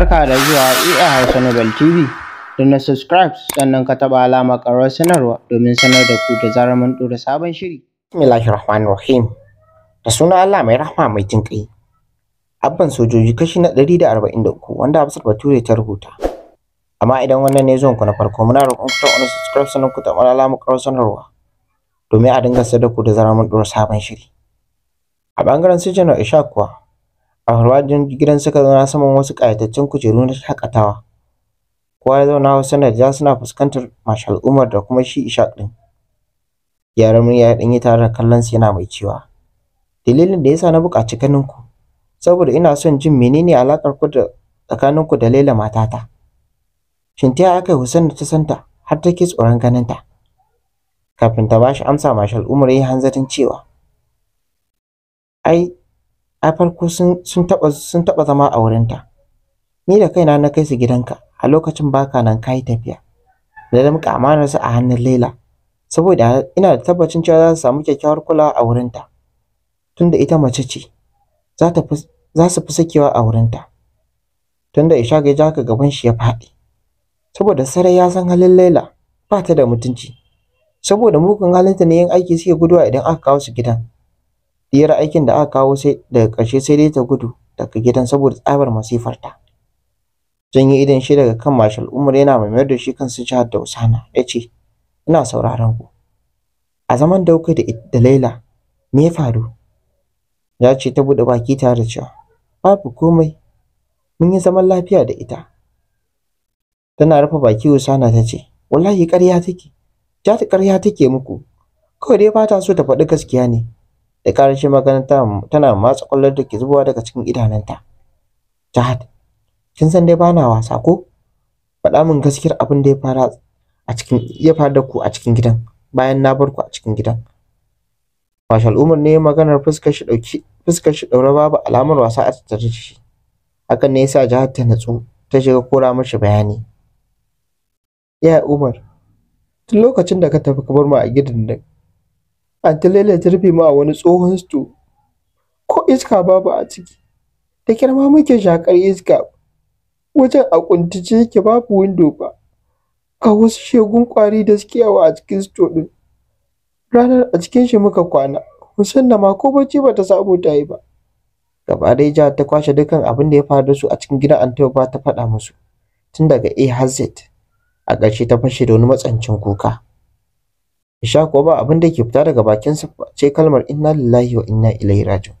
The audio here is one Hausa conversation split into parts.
Barka da zuwa EA Hausa Nobel TV. Da na subscribe sannan ka taɓa alama ƙarar sanarwa domin sanar da ku da zarar mun ɗora sabon shiri. rahim Da suna Allah mai rahma mai jin kai Abban sojoji kashi na 143 wanda Hafsat Bature ta rubuta. Amma idan wannan ne zuwanku na farko muna roƙon ku ta wani subscribe sannan ku taɓa alama ƙarar sanarwa domin a dinga sadar ku da zarar mun ɗora sabon shiri. A bangaren su na Isha kuwa a farfajiyar gidan suka zauna saman wasu ƙayatattun kujeru na shakatawa Kowa ya zauna wasu ja suna fuskantar Mashal Umar da kuma shi Ishaq ɗin. Yaran murya ya ɗanyi tare da kallon su yana mai cewa, dalilin da yasa na buƙaci ganin ku, saboda ina son jin menene alaƙar ku da ku da Laila matata. Shin ta aka yi da ta santa har take tsoron ganin ta? Kafin ta bashi amsa Mashal Umar ya yi hanzarin cewa, ai a farko sun taba zama a wurinta ni da kaina na kai su gidanka a lokacin baka nan ka tafiya da muka amana su a hannun Laila saboda ina da tabbacin cewa za su samu kyakkyawar kulawa a wurinta tunda ita mace ce za su fi sakewa a wurinta tunda Ishaq ga ja ka gaban shi ya faɗi saboda sarai ya san halin Laila ba ta da mutunci saboda mugun halinta ne yin aiki suke guduwa idan aka kawo su gidan Diyar aikin da aka kawo sai daga ƙarshe sai dai ta gudu daga gidan saboda tsabar masifarta. yi idon shi daga kan Marshal Umar yana mai mayar da shi kansu jihar da Usana ya ce, Ina sauraron ku. A zaman da da Laila, me ya faru? Ya ce ta buɗe baki tare da cewa, Babu komai, mun yi zaman lafiya da ita. Tana rufe baki Usana ta ce, Wallahi ƙarya take, ta ƙarya take muku, kawai dai ba ta so ta faɗi gaskiya ne. da shi maganin tana matsa ƙwallon da ke zubowa daga cikin idanunta. Jihad, kin san dai bana wasa ko? Faɗa min gaskiyar abin da ya fara a cikin ya faru da ku a cikin gidan bayan na bar ku a cikin gidan. Marshal Umar ne maganar fuskar shi ɗauki fuskar shi ɗaure babu alamar wasa a tattare da shi. Hakan ne yasa Jihad ta natsu ta shiga kora mashi bayani. Ya Umar, tun lokacin da ka tafi ka bar mu a gidan nan. antilai Laila ta rufe mu a wani tsohon sto. Ko iska babu a ciki. Da girma muke shakar iska. Wajen a kuntace yake babu windo ba. Ga wasu shegun kwari da suke yawa a cikin sto ɗin. Ranar a cikin shi muka kwana. Musanna ma ko bacci ba ta samu ta yi ba. Gaba ɗaya ja ta kwashe dukkan abin da ya faru da su a cikin gidan ba ta faɗa musu. Tun daga A har Z. A ƙarshe ta fashe da wani matsancin kuka. sha kuwa ba abin da ke fita daga bakinsa ce kalmar inna lillahi wa inna ilaihi raji'un.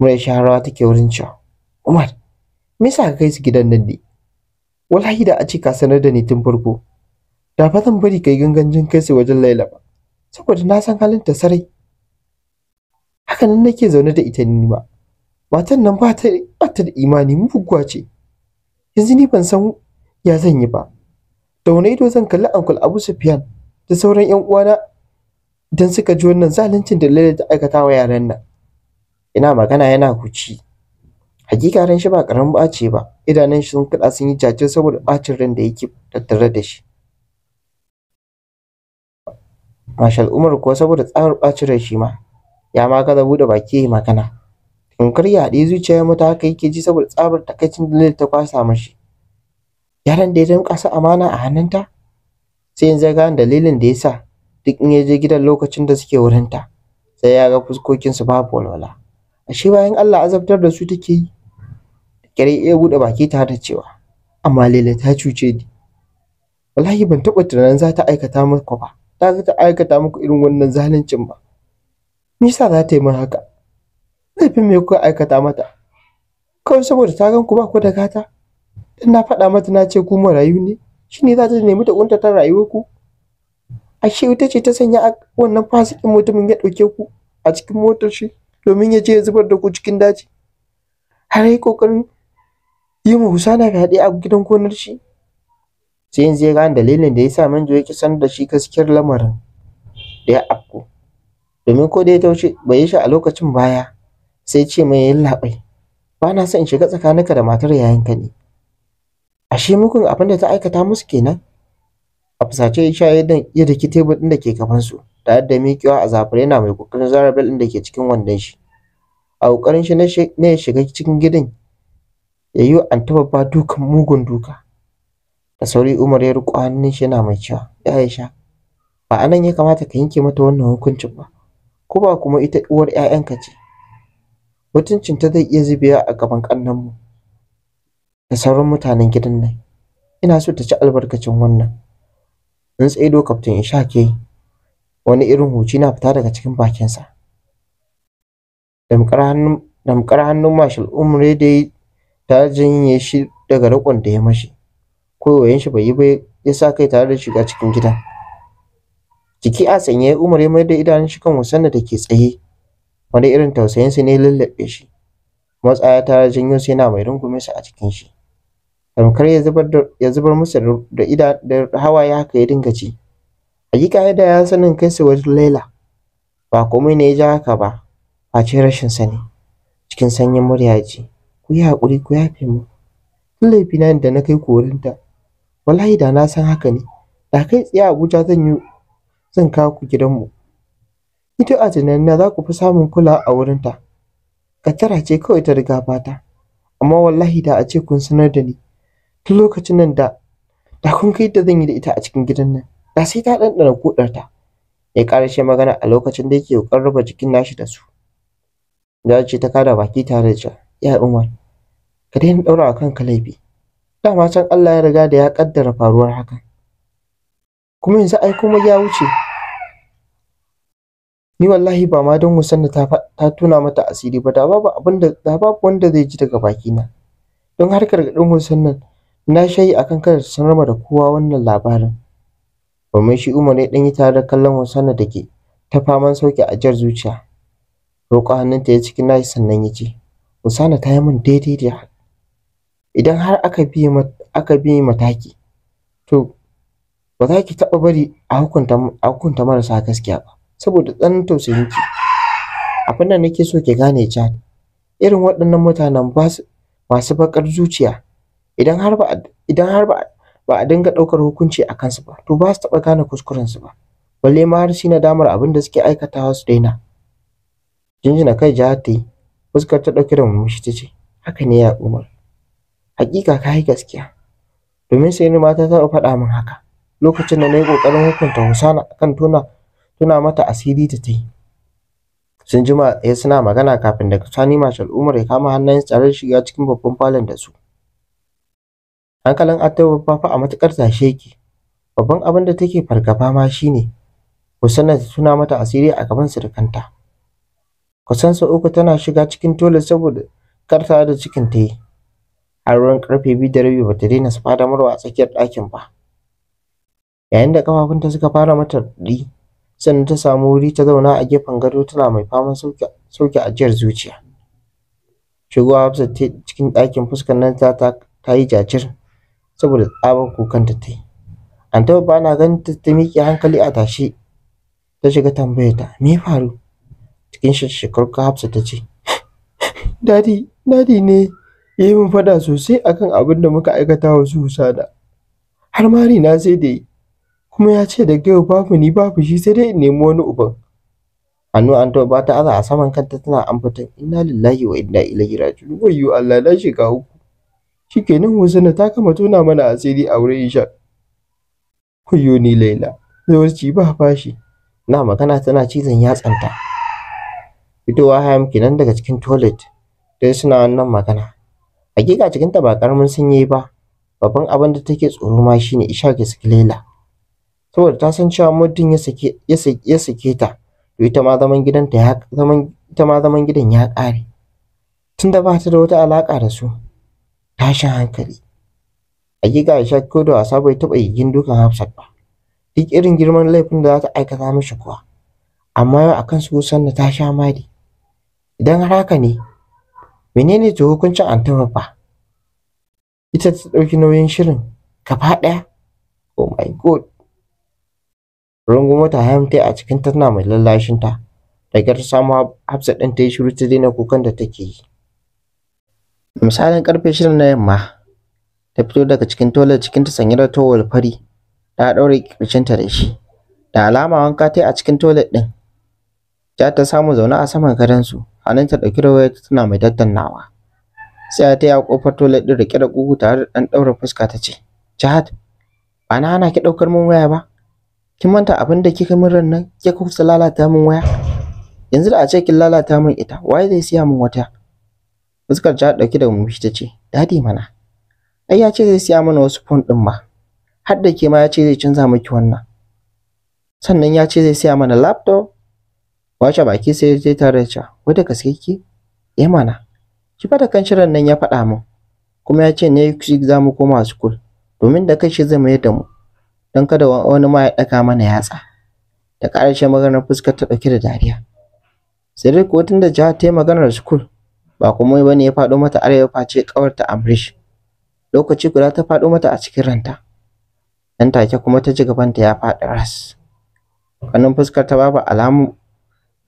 Muryar shaharawa take wurin cewa, Umar, me yasa ka kai su gidan nan ne? Wallahi da a ce ka sanar da ni tun farko. Da fa zan bari kai gangancin kai su wajen Laila ba, saboda na san halin ta sarai. Haka nan nake zaune da ita ni ma. Matan nan ba ta da imani buguwa ce. Yanzu ni ban san ya zan yi ba. Da wani ido zan kalli Uncle Abu Sufyan da sauran 'yan uwana dan suka ji wannan zaluncin da Laila ta aikata wa yaran nan. Ina magana yana huci. Hakika ran shi ba ba ɓace ba, idanun shi sun kaɗa sun yi jajir saboda ɓacin ran da yake tattare da shi. Mashal Umar kuwa saboda tsawar ɓacin ran shi ma, ya ma gaza buɗe baki ya magana. Tunkar ya haɗe zuciyar mata haka yake ji saboda tsabar takaicin da ta kwasa mashi. Yaran da ya danƙa su amana a hannunta, sai in zaga dalilin da yasa duk in ya je gidan lokacin da suke wurin ta sai ya ga fuskokin su babu walwala ashe bayan Allah azabtar da su take yi kare ya bude baki ta da cewa amma lele ta cuce ni wallahi ban taba tunanin za ta aikata muku ba ta za ta aikata muku irin wannan zaluncin ba me yasa za ta yi min haka laifin me kuka aikata mata kawai saboda ta gan ku ba ku da gata dan na faɗa mata na ce ku marayu ne shine za ta nemi ta kuntata rayuwar ku ashe ita ce ta sanya wannan fasikin mutumin ya dauke ku a cikin motar shi domin ya je ya zubar da ku cikin daji har yi kokarin yi mu husana fyaɗe a gidan gonar shi sai yanzu ya gane dalilin da ya sa manjo yake sanar da shi gaskiyar lamarin da ya afko domin ko da ya taushe bai yi shi a lokacin baya sai ce mai yin labai ba na son in shiga tsakaninka da matar yayanka ne ashe mukun abin da ta aikata musu kenan a fusace Isha ya ya daki tebur ɗin da ke gabansu tare da kiwa a zafar yana mai kokarin zara din da ke cikin wandon shi a kokarin shi ne ya shiga cikin gidan ya yi anta babba dukan mugun duka da sauri Umar ya riƙo hannun shi yana mai cewa ya Aisha ba anan ya kamata ka yanke mata wannan hukuncin ba ko ba kuma ita uwar 'ya'yanka ce mutuncinta zai iya zubewa a gaban ƙannenmu da sauran mutanen gidan nan ina so ta ci albarkacin wannan in tsaido kaftin in wani irin huci na fita daga cikin bakinsa Damkar hannun mashal umre dai ta janye shi daga rukun da ya mashi koyoyin shi bai yi ba ya sa kai tare da shiga cikin gidan jiki a sanye umar ya mai da idanun shi kan wasan da ke tsaye wani irin tausayin sa ne lallabe shi matsaya ta janyo sai na mai rungume a cikin shi tamkar ya zubar musu da ida da hawaye haka ya dinga ci hakika yadda ya sanin kai su wajen laila ba komai ne ya ja haka ba ce rashin sani cikin sanyin murya ce ku yi haƙuri ku yafe mu tun laifina da na kai ta wallahi da na san haka ne da kai tsaye abuja zan yi zan kawo ku gidanmu ita a tunanina za ku fi samun kula a wurinta katara ce kawai ta riga fata amma wallahi da a ce kun sanar da ni tun lokacin nan da da kun kai yadda zan yi da ita a cikin gidan nan da sai ta ɗanɗana kuɗarta ya ƙarashe magana a lokacin da yake ƙoƙarin raba jikin nashi da su da ce ta kada baki tare da cewa ya umar ka daina ɗaura a kanka laifi dama can Allah ya riga da ya ƙaddara faruwar hakan kuma yanzu ai kuma ya wuce ni wallahi ba ma don musanna ta ta tuna mata asiri ba da babu abinda da babu wanda zai ji daga baki na. don harkar har dan musannan na shayi akan kada ta sanar ma da kowa wannan labarin. shi Umar ya ɗan yi tare da kallon wasannin da ke ta faman sauke jar zuciya. Roƙo hannunta ya cikin nashi sannan ya ce, usana ta yi min daidai da idan har aka bi aka bi mataki to ba za ki taɓa bari a hukunta a hukunta marasa gaskiya ba saboda tsananin tausayin ki abin da nake so ki gane Chad irin waɗannan mutanen ba masu baƙar zuciya idan har ba idan har ba ba a dinga ɗaukar hukunci a kansu ba to ba su taɓa gane kuskurensu ba balle ma har shi na damar abin da suke aikatawa su daina jinjina kai jihar ta yi fuskar ta ɗauki da murmushi ta ce haka ne ya umar hakika ka yi gaskiya domin sai ni mata ta taɓa faɗa min haka lokacin da na yi ƙoƙarin hukunta Husana kan tuna tuna mata asiri ta ta yi sun jima eh, suna magana kafin daga sani mashal umar ya kama hannayen tsarar da shiga cikin babban falon da su hankalin Attaura fa a matuƙar tashe yake babban abin da take fargaba ma shine ku sanar da tuna mata asiri a gaban surukanta kusan sau uku tana shiga cikin tole saboda karta da cikin ta yi har ruwan karfe biyu da rabi bata daina su fara murwa a tsakiyar ɗakin ba yayin da kafafunta suka fara mata ɗi sannan ta samu wuri ta zauna a gefen gado tana mai faman sauke ajiyar zuciya shigowa Hafsat cikin ɗakin fuskar nan ta ta yi jajir saboda tsabar kukanta ta yi anti ba na ganin ta ta miƙe hankali a tashe ta shiga tambayar ta me ya faru cikin ka hafsa ta ce dadi dadi ne ya yi min fada sosai akan abin da muka aikata wa su husada har ma na sai da yi kuma ya ce da yau babu ni babu shi sai dai in nemi wani uban hannu an ba ta aza a saman kanta tana fitan inna lillahi wa inna ilaihi raji'un wayyo Allah na shiga uku shikenan Hosanna ta kama tona mana asiri a wurin Ishaq. Kuyo ni Laila, zawarci ba fashi. Na magana tana cizon yatsanta. Fitowa Hayam kenan daga cikin toilet dai suna wannan magana. Hakika cikinta ba karamin sanyi ba. Babban abin da take tsoro ma ne, Ishaq ya saki Laila. Saboda ta san cewa mutum ya sake ya ta, to ita ma zaman ya zaman ita ma gidan ya ƙare. Tunda ba ta da wata alaka da su, tashin hankali A hakika Aisha ko da wasa bai taɓa yigin dukan Hafsat ba duk irin girman laifin da za ta aikata mishi kuwa amma yau akan su da ta sha mari idan har haka ne menene to hukuncin antuma ba ita ta ɗauki nauyin shirin ka ɗaya oh my god rungumo ta hamta a cikin tana mai lallashinta, ta daga ta samu hafsa ɗin ta yi shiru ta daina kukan da take yi misalin karfe shida na yamma ta fito daga cikin toilet cikin ta sanye da towel fari ta daure ta da shi da alama wanka ta yi a cikin toilet din ja ta samu zaune a saman gadon su hannunta ɗauki da wayarta tana mai daddannawa sai ta yi a kofar toilet ɗin rike da ƙugu tare da dan daura fuska ta ce Jihad ba na hana ki daukar min waya ba kin manta abin da kika min ran nan kika kusa lalata min waya yanzu da a ce kin lalata min ita waye zai siya min wata fuskar ta dauki da mummushi ta ce dadi mana ai ya ce zai siya mana wasu fon ɗin ma har da ke ma ya ce zai canza miki wannan sannan ya ce zai siya mana laptop wace baki sai ya tare ta da gaske ki eh mana ki fada kan shirin nan ya faɗa min kuma ya ce ne ki za mu koma school domin da kashi zai mayar da mu don kada wani ma ya ɗaga mana yatsa da ƙarshen maganar fuskar ta ɗauke da dariya sai dai kuwa da jihar ta yi maganar school ba kuma komai bane ya faɗo mata arewa face ƙawarta amrish lokaci guda ta faɗo mata a cikin ranta dan take kuma ta ji ta ya faɗi ras kanin fuskar ta babu alamun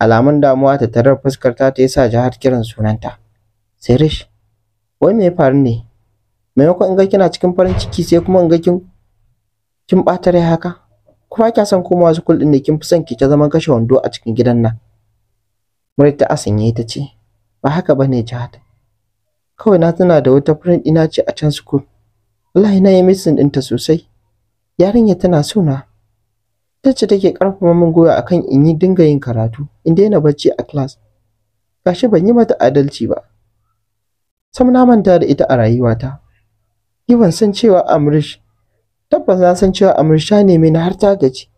alamun damuwa ta tarar fuskar ta ta yasa ji har kiran sunanta sai rish wai me faru ne maimakon in ga kina cikin farin ciki sai kuma in ga kin kin ɓata rai haka ku ba kya son komawa su ne kin fi son ki ta zaman kashe wando a cikin gidan nan Muryar ta asanye ta ce, ba haka ba ne Kawai na tana da wata friend ina ce a can school. Wallahi na yi missing ɗinta sosai. Yarinya tana so na. ce take karfafa min gwiwa akan in yi dinga yin karatu, in daina bacci a class. Gashi ban yi mata adalci ba. Sam na manta da ita a rayuwata. Yi ban san cewa Amrish tabbas na san cewa Amrish ne neme ni har ta gaji.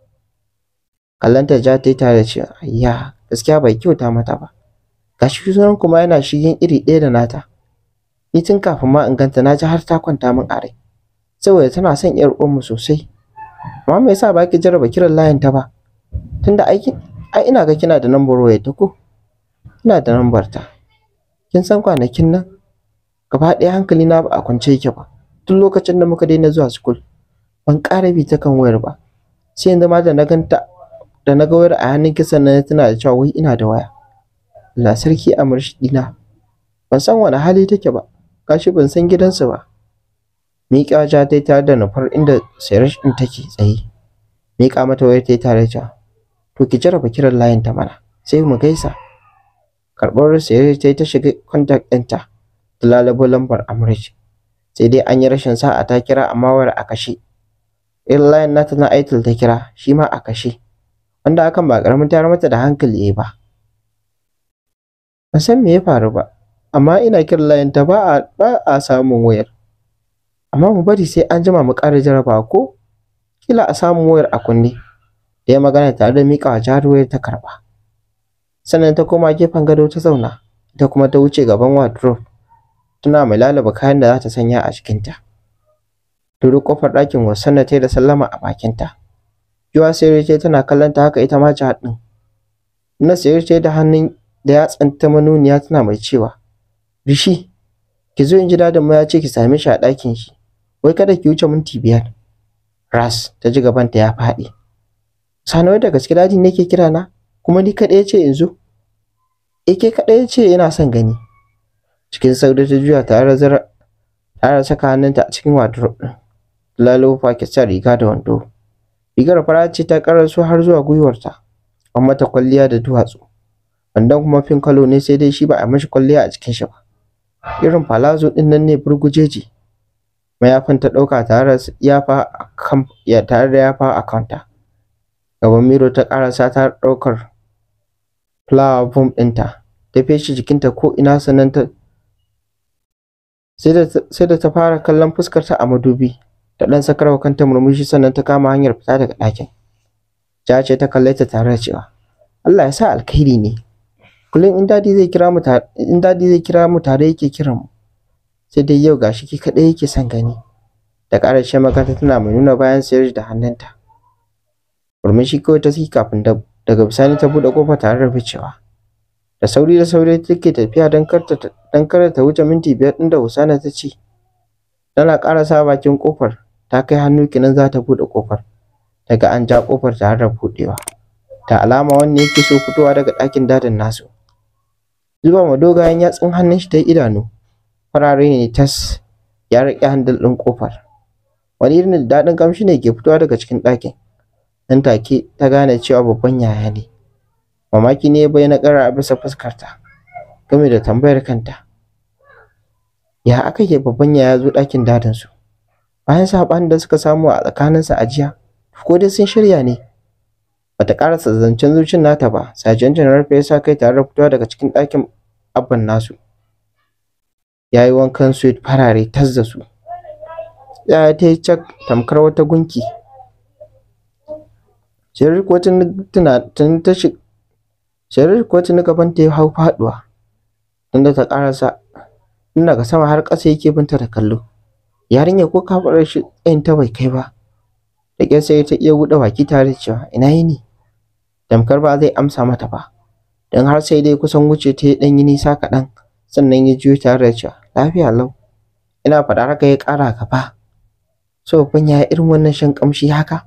Kallanta ja ta yi tare da cewa, "Ayya, gaskiya bai kyauta mata ba." gashi sunan kuma yana shigin iri ɗaya da nata ni tun kafin ma in ganta na ji har ta kwanta min a rai saboda tana son yar uwanmu sosai amma me yasa baki jarraba kiran layin ta ba tunda aiki ai ina ga kina da lambar wayar ta ko ina da lambar ta kin san kwanakin nan gaba ɗaya hankali na ba a kwance yake ba tun lokacin da muka daina zuwa school ban ƙara bi ta kan wayar ba sai yanzu ma da na ganta da na ga wayar a hannun kisan na tana da cewa wai ina da waya Allah sarki a murshidina ban san wani hali take ba Kashi ban san gidansu ba miƙa ja ta tare da nufar inda sayarish ɗin take tsaye Mika mata wayar ta tare ta. to ki jarraba kiran layin ta mana sai mu gaisa karɓar sayarish ta ta shiga kontak ɗinta ta lalabo lambar amurci sai dai an yi rashin sa'a ta kira amma wayar a kashe irin layin nata na aitul ta kira shi ma a kashe wanda hakan ba ƙaramin tayar mata da hankali ba Ban san me ya faru ba, amma ina kiran layinta ba a samun wayar. Amma mu bari sai an jima mu ƙara jaraba ko? Kila a samu wayar a kunne. Da ya magana tare da miƙa wa wayar ta karba Sannan ta koma gefen gado ta zauna, ta kuma ta wuce gaban wardrobe. Tana mai lalaba kayan da za ta sanya a jikinta. duru kofar ɗakin wasan da ta yi da sallama a bakinta. Yuwa sai ce tana kallon ta haka ita ma jihar ɗin. Na sayar ce da hannun da yatsan ta manuniya tana mai cewa, Rishi, ki zo in ji dadinmu ya ce ki same shi a ɗakin shi, wai kada ki wuce minti biyar. Ras ta ji gabanta ya faɗi. Sanawar da gaske dadin ne ke kira na, kuma ni kaɗai ce in zo. Ike eh, kaɗai ce yana son gani. Cikin sauri ta juya tare da tare saka hannunta a cikin wardrobe ɗin. Lalo ke sa riga da wando. Rigar fara ce ta su har zuwa gwiwarta, an mata kwalliya da duwatsu. wannan kuma fin kalo ne sai dai shi ba a mashi kwalliya a cikin shi ba irin palazzo din nan ne burgujeji mayafin ta ɗauka tare da kan ya tare da yafa a kanta gaban miro ta karasa ta ɗaukar flower form ɗinta ta feshe jikinta ko ina sannan ta sai da ta fara kallon fuskarta a madubi ta ɗan sakarwa kanta murmushi sannan ta kama hanyar fita daga dakin. ja ce ta kalle ta tare da cewa Allah ya sa alkhairi ne kullum in dadi zai kira mu in dadi zai kira mu tare yake kiran mu sai dai yau gashi ki kadai yake son gani da ƙarashe makaranta tana mai nuna bayan sayar da hannunta murmushi kawai ta saki kafin da daga bisani ta buɗe kofa tare da ficewa da sauri da sauri take tafiya don karta ta don wuce minti biyar din da Husana ta ce tana sa bakin kofar ta kai hannu kinan za ta buɗe kofar daga an ja kofar tare da buɗewa da alama wanne yake so fitowa daga ɗakin dadin nasu zuba ma dogayen yatsun hannun shi ta idanu farare ne tas ya riƙe handal ɗin kofar wani irin daɗin kamshi ne ke fitowa daga cikin ɗakin nan take ta gane cewa babban yaya ne mamaki ne bai na ƙara a bisa fuskarta game da tambayar kanta ya aka ke babban yaya zo ɗakin dadin su? bayan saɓanin da suka samu a tsakaninsa a jiya ko dai sun shirya ne Bata karasa zancen zuciyar nata ba, sajen Janar ya sa kai tare da fitowa daga cikin ɗakin abban nasu. Ya yi wankan suit farare tazza su. Ya ta yi cak tamkar wata gunki. Shirin ko tun ta shi ko tun gaban ta ya hau faɗuwa. Tunda ta karasa tun daga sama har ƙasa yake binta da kallo. Yarinya ko kafaɗar shi ɗayan ta bai kai ba. da ƙyar sai ta iya buɗe baki tare cewa ina yini tamkar ba zai amsa mata ba don har sai dai kusan wuce ta yi ɗan yi nisa kaɗan sannan ya juyo tare da cewa lafiya lau ina faɗa raka ya ƙara gaba tsofin ya irin wannan shan kamshi haka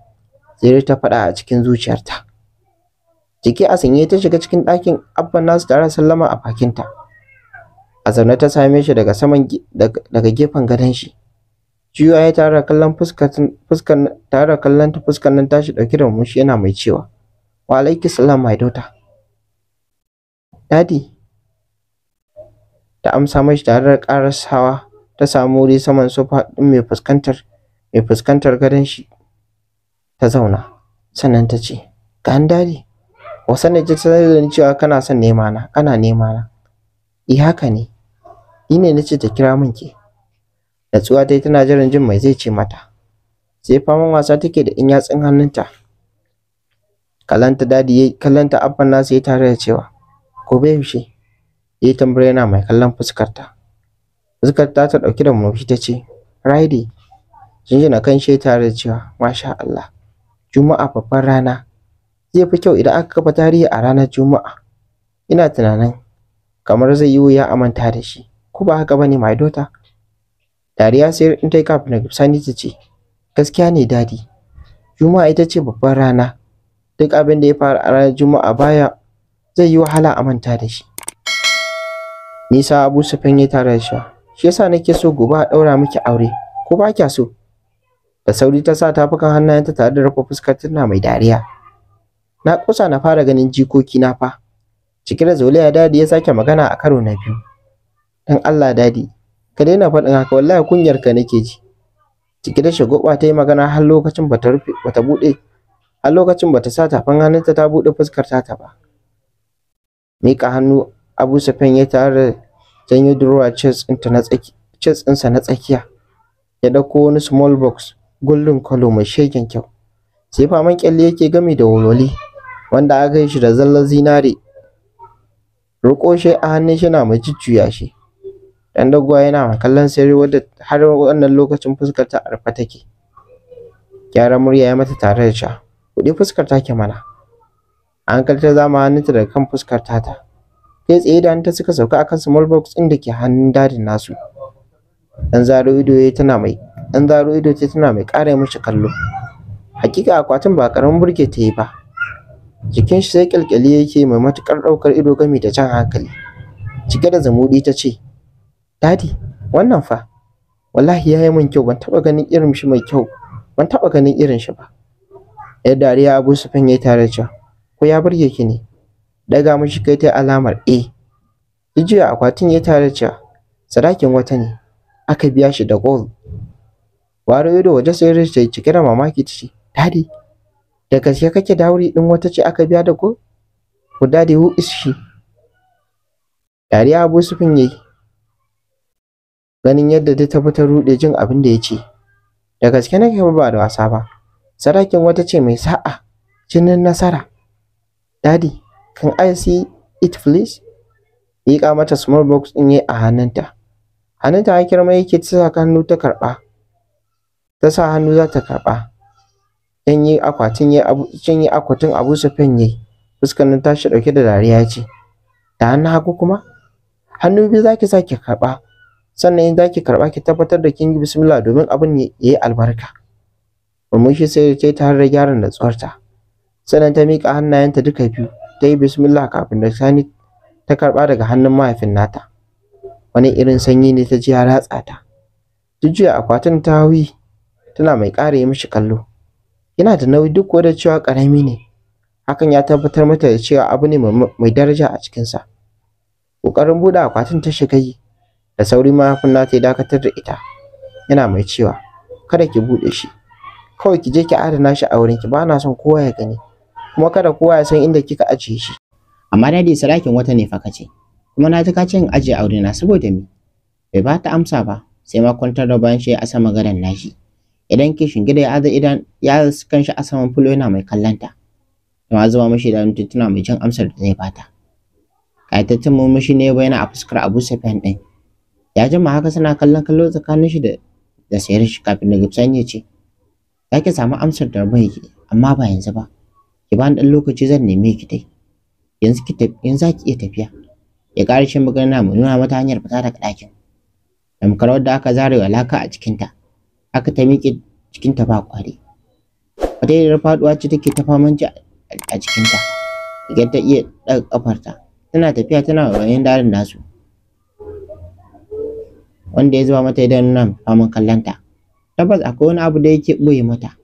zai ta faɗa a cikin zuciyarta jiki a sanye ta shiga cikin ɗakin abban nasu tare da sallama a bakinta a zaune ta same shi daga saman daga gefen gadon shi juya ya tare kallon fuskar tare kallon ta fuskar nan tashi ɗauke da mushi yana mai cewa Wa alaikis salam my daughter. Daddy. Ta amsa mashi tare da hawa ta samu wuri saman sofa ɗin mai fuskantar mai fuskantar gadon shi ta zauna sannan ta ce ga an dadi wasan da ji sanar cewa kana son nema na kana nema na eh haka ne ni ne nace ta kira min ki. natsuwa dai tana jiran jin mai zai ce mata sai faman wasa take da in yatsun hannunta kallanta dadi kallanta abban nasu ya tare da cewa gobe yaushe ya tambaya yana mai kallon fuskarta fuskar ta ta dauki da murmushi ta ce friday jinjina kan shi tare da cewa masha Allah juma'a babban rana zai fi kyau idan aka kafa tarihi a ranar juma'a ina tunanin kamar zai yi wuya a manta da shi ko ba haka bane my daughter dariya sai in ta yi kafin sani ta ce gaskiya ne dadi juma'a ita ce babban rana duk abin da ya faru a ranar juma'a baya zai yi wahala a manta da shi nisa abu sufyan ya tare da shi shi yasa nake so gobe a daura miki aure ko ba kya so da sauri ta sa tafukan hannayenta tare da rufe fuskar tana mai dariya na kusa na fara ganin jikoki na fa cike da zoliya dadi ya sake magana a karo na biyu dan Allah dadi ka daina faɗin haka wallahi kunyar ka nake ji cike da shagoba ta yi magana har lokacin bata rufe bata buɗe a lokacin bata sa tafan hannunta ta buɗe fuskar ta ba miƙa hannu abu sufyan ya tare da janyo durowa chest ɗinsa na tsakiya ya dauko wani small box gullun kwalo mai shegen kyau sai faman kyalle yake gami da wololi wanda aka yi shi da zallar zinare Rukoshai shi a hannun shi na mai jujjuya shi dan dagwa yana ma kallon sai wadda har wannan lokacin fuskar ta arfa take Gyara murya ya mata tare da sha buɗe fuskar take mana an zama hannunta daga kan fuskar tata kai tsaye da ta suka sauka akan small box ɗin da ke hannun dadin nasu dan zaro ido tana mai dan zaro ido ce tana mai ƙara mishi kallo hakika akwatin ba karamin burge ta yi ba jikin shi sai kyalkyali yake mai matukar ɗaukar ido gami da can hankali cike da zamudi ta ce dadi wannan fa wallahi ya yi min kyau ban taɓa ganin irin shi mai kyau ban taɓa ganin irin shi ba Yar dariya Abu Sufyan ya tare da cewa, ko ya burge ki ne? Daga mishi kai ta alamar A. Eh. Ya akwatin ya tare da cewa, sadakin wata ne, aka biya shi da gold. Waro ido waje sai Rich ta cike da mamaki ta ce, Daddy, da gaske kake dauri din wata ce aka biya da gold? Ku dadi who is she? Dariya Abu Sufyan ya Ganin yadda ta tabbatar rude jin abin da ya ce, da gaske nake ba da wasa ba. sadakin wata ce mai sa'a jinin nasara daddy kan i see it please miƙa mata small box ɗin yi a hannunta hannunta ya kirma yake ta sa hannu ta karɓa ta sa hannu za ta karɓa dan yi akwatin yayi abu cin yi akwatin abu yayi fuskar nan tashi ɗauke da dariya ce da hannu hagu kuma hannu biyu zaki sake karɓa sannan in zaki karɓa ki tabbatar da kin yi bismillah domin abin yi albarka murmushi sai ta yi har da gyaran natsuwarta sannan ta miƙa hannayenta duka biyu ta yi bismillah kafin da sani ta karɓa daga hannun mahaifin nata wani irin sanyi ne ta ji ya ratsa ta jujjuya akwatin ta hawi tana mai ƙara yi mishi kallo yana da nauyi duk da cewa ƙarami ne hakan ya tabbatar mata da cewa abu ne mai daraja a cikinsa ƙoƙarin buɗe akwatin ta shiga yi da sauri mahaifin nata ya dakatar da ita yana mai cewa kada ki buɗe shi kawai ki je ki adana shi a wurin ki ba na son kowa ya gani kuma kada kowa ya san inda kika ajiye shi amma dai sadakin wata ne fa kace kuma na ji ka ce in ajiye a wurina saboda me bai ba ta amsa ba sai ma kwantar da bayan shi a sama garan nashi idan kishin gida ya aza idan ya kan shi a saman fulo yana mai kallanta kuma zuba mashi da tuna mai jin amsar da zai bata kayatattun murmushi ne yana a fuskar Abu Sufyan din ya jima haka suna kallon kallo tsakanin shi da da sayar shi kafin da gipsan ya ce za ki samu amsar da bai ki amma ba yanzu ba ki bani dan lokaci zan neme ki dai yanzu ki tafi yanzu za ki iya tafiya ya ƙarshe magana mu nuna mata hanyar fita daga ɗakin tamkar wadda aka zare alaka a cikinta aka ta miƙe cikinta ba ƙwari. wata irin faɗuwa ce take ta faman ji a cikinta idan ta iya ɗaga ƙafarta tana tafiya tana wayan darin nasu wanda ya zuba mata idan nan faman kallanta tabbas akwai wani abu da yake ɓoye mata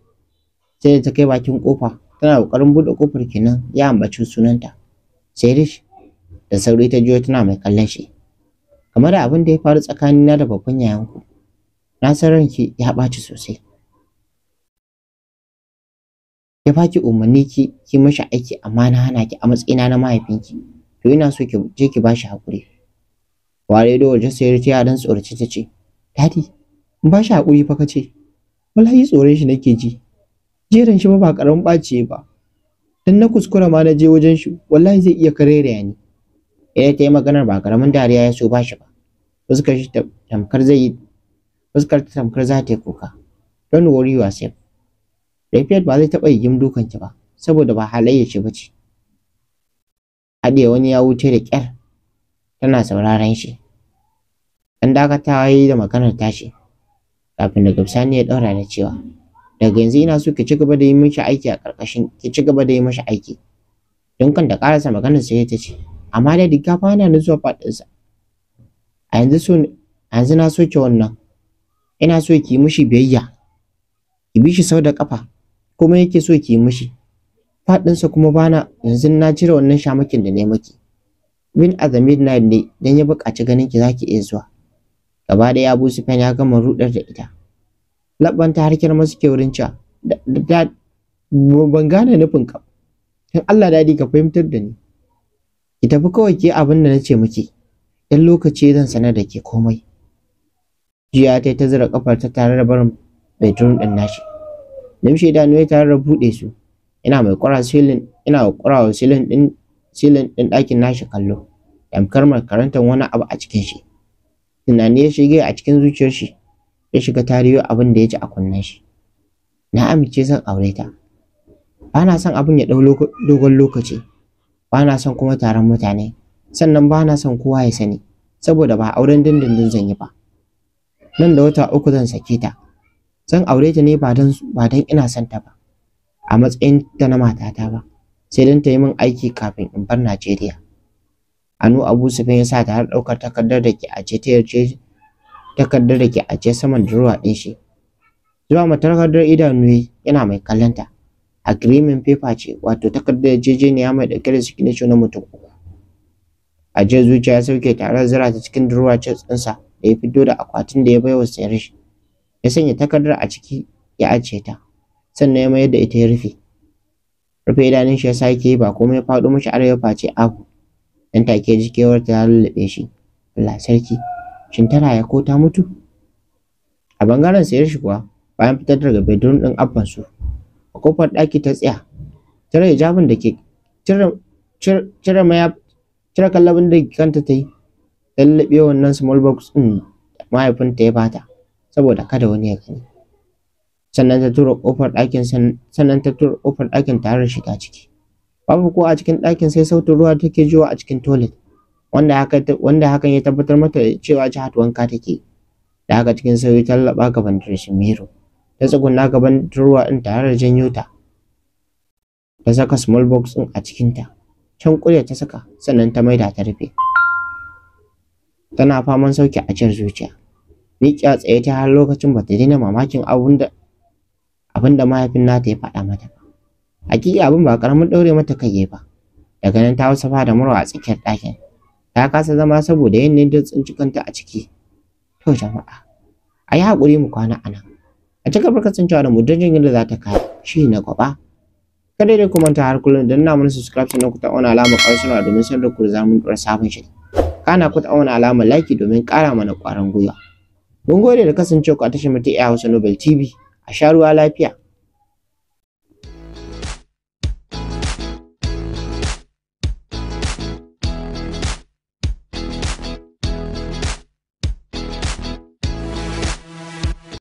sai da ta kai bakin kofa tana ƙoƙarin buɗe kofar kenan ya ambaci sunanta sai da sauri ta jiyo tana mai kallon shi kamar da abin da ya faru tsakanina da babban yayanku na san ranki ya ɓaci sosai ya faki umarni ki ki mashi aiki amma na hana ki a matsayina na mahaifinki to ina so ki je ki bashi hakuri ware da waje sai ta dan tsorace ta ce daddy ba shi hakuri fa kace wallahi tsoron shi nake ji jerin shi ba ba karamin ɓaci ba dan na kuskura ma na je wajen shi wallahi zai iya karere ni idan eh, ta yi maganar ba karamin dariya ya so ba shi ba fuskar shi tamkar zai yi fuskar ta tamkar za ta yi kuka don wari yourself Rafiyat ba zai taɓa yi dukan ki ba saboda ba halayyar shi ba ce Hadiya wani ya wuce da kyar. tana sauraron shi. Ɗan dakatawa ya yi da maganar tashi. kafin daga bisani ya daura da cewa daga yanzu ina so ki ci gaba da yi mishi aiki a karkashin ki ci gaba da yi mishi aiki don kan da karasa maganar sai ta ce amma da dika fa yana nutsuwa faɗinsa a yanzu so a yanzu na so ki wannan ina so ki yi mishi biyayya ki bi shi sau da ƙafa kuma yake so ki yi mishi faɗinsa kuma bana yanzu na cire wannan shamakin da ne maki bin a the midnight ne don ya buƙaci ganin ki zaki iya zuwa gaba ɗaya busu fen ya gama rudar da ita labban ta harkar masu kewurin ca ban gane nufin ka in Allah dadi ka fahimtar da ni ki tafi kawai ke abin da nace miki dan lokaci zan sanar da ke komai jiya ta ta zira kafar ta tare da barin bedroom din nashi limshe da ya tare da bude su ina mai kura silin ina kura silin din silin din ɗakin nashi kallo amkar makarantar wani abu a cikin shi tunani ya shige a cikin zuciyar shi ya shiga tarihi abin da ya ci a kunnen shi na amince zan aure ta ba na son abin ya ɗau dogon lokaci ba na son kuma taron mutane sannan ba na son kowa ya sani saboda ba auren dindindin zan yi ba nan da wata uku zan sake ta zan aure ta ne ba don ina son ta ba a matsayin ta na matata ba sai don ta yi min aiki kafin in bar Najeriya hannu abu ya sa ta har ɗaukar takardar da ke a ce ta yarce takardar da ke a saman durowa din shi zuwa ma takardar idanu yana mai kallonta agreement paper ce wato takardar yarjejeniya mai ɗauke da signature na mutum uku a je zuciya ya sauke tare da zira ta cikin durowa ce tsinsa da ya fito da akwatin da ya bai wa sayar shi ya sanya takardar a ciki ya ajiye ta sannan ya mayar da ita ya rufe rufe idanun shi ya sake ba komai ya faɗo mashi arewa face abu Dan take ji kewar ta lullube shi Allah sarki shin tana ya ko ta mutu a bangaren sayar shi kuwa bayan fitar daga bedroom din abban su a kofar ɗaki ta tsaya cire hijabin da ke cire cire kallabin da kanta ta yi lallaɓe wannan small box ɗin mahaifinta ya bata saboda kada wani ya gani sannan ta tura ƙofar ɗakin sannan ta tura ɗakin tare shiga ciki babu kowa a cikin ɗakin sai sautin ruwa take jiwa a cikin toilet wanda haka wanda hakan ya tabbatar mata cewa jihar wanka take da haka cikin sauri ta ga gaban direshin miro ta tsuguna gaban ruwa ɗin tare da janyo ta ta saka small box ɗin a cikinta can ƙurya ta saka sannan ta maida ta rufe tana faman sauki a cikin zuciya miƙa tsaye ta har lokacin ba ta daina mamakin abin da mahaifin nata ya faɗa mata hakiki abin ba karamin daure mata kai ba. Daga nan ta wasa da murwa a tsakiyar ɗakin. Ta kasa zama saboda yin nindin tsinci a ciki. To jama'a, a yi haƙuri mu kwana a nan. A cikin barkacin cewa da mu don yadda za ta kai. shi na gaba. Kada dai kuma ta har kullum don na mun subscribe sannan ku ta'auna alamar ƙarsuna domin san da ku da zamun ɗora sabon shi Kana ku ta'auna alamar laki domin ƙara mana ƙwarin gwiwa. Mun gode da kasancewa ku a tashar mu iya Hausa Nobel TV. A sha ruwa lafiya.